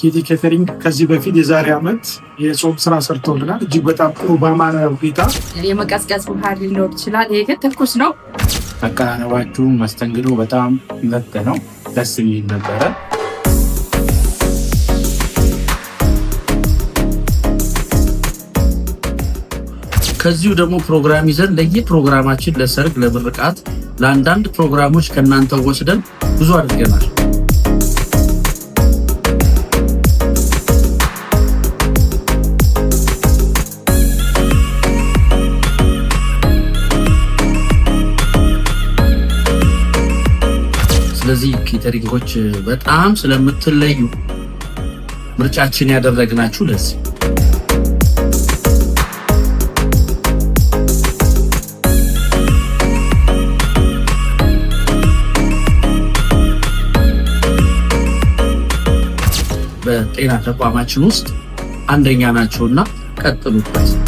ኬቲ ኬተሪንግ ከዚህ በፊት የዛሬ ዓመት የጾም ስራ ሰርተውልናል። እጅግ በጣም ጥሩ በአማረ ሁኔታ የመቀዝቀዝ ባህር ሊኖር ይችላል። ይሄ ግን ትኩስ ነው። አቀራረባችሁ መስተንግዶ በጣም ለጥ ነው፣ ደስ የሚል ነበረ። ከዚሁ ደግሞ ፕሮግራም ይዘን ለየ ፕሮግራማችን ለሰርግ፣ ለምርቃት፣ ለአንዳንድ ፕሮግራሞች ከእናንተ ወስደን ብዙ አድርገናል። ስለዚህ ኬተሪንጎች በጣም ስለምትለዩ ምርጫችን ያደረግናችሁ ለዚህ በጤና ተቋማችን ውስጥ አንደኛ ናቸውና ቀጥሉበት።